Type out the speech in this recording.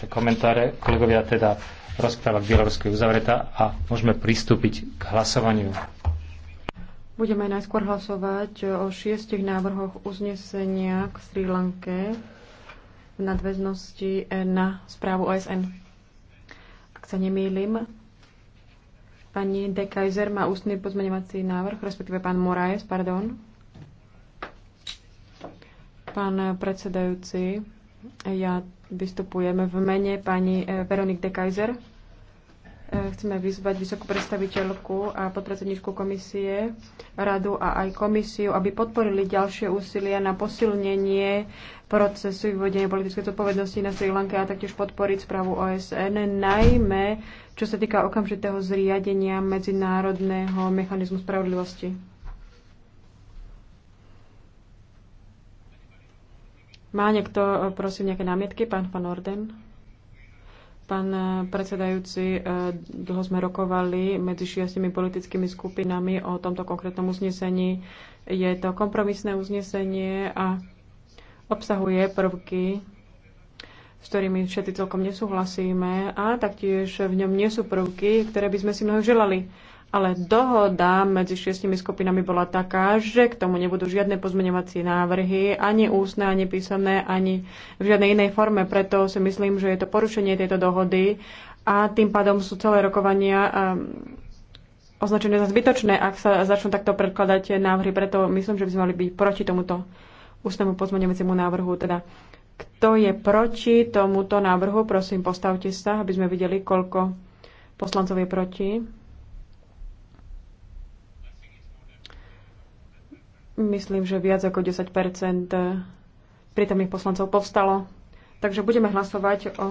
vaše komentáre. Kolegovia, teda rozpráva k Bielorusku je uzavretá a môžeme pristúpiť k hlasovaniu. Budeme najskôr hlasovať o šiestich návrhoch uznesenia k Sri Lanke v nadväznosti na správu OSN. Ak sa nemýlim, pani De Kaiser má ústny pozmeňovací návrh, respektíve pán Moraes, pardon. Pán predsedajúci, ja vystupujem v mene pani e, Veronik de Kaiser. E, chceme vyzvať vysokú predstaviteľku a podpredsedničku komisie, radu a aj komisiu, aby podporili ďalšie úsilia na posilnenie procesu vyvodenia politickej zodpovednosti na Sri Lanke a taktiež podporiť správu OSN, najmä čo sa týka okamžitého zriadenia medzinárodného mechanizmu spravodlivosti. Má niekto, e, prosím, nejaké námietky? Pán Van Orden? Pán e, predsedajúci, e, dlho sme rokovali medzi šiestimi politickými skupinami o tomto konkrétnom uznesení. Je to kompromisné uznesenie a obsahuje prvky, s ktorými všetci celkom nesúhlasíme a taktiež v ňom nie sú prvky, ktoré by sme si mnoho želali ale dohoda medzi šiestimi skupinami bola taká, že k tomu nebudú žiadne pozmeňovacie návrhy, ani ústne, ani písomné, ani v žiadnej inej forme. Preto si myslím, že je to porušenie tejto dohody a tým pádom sú celé rokovania ehm, označené za zbytočné, ak sa začnú takto predkladať návrhy. Preto myslím, že by sme mali byť proti tomuto ústnemu pozmeňovaciemu návrhu. Teda kto je proti tomuto návrhu, prosím, postavte sa, aby sme videli, koľko poslancov je proti. myslím, že viac ako 10 prítomných poslancov povstalo. Takže budeme hlasovať o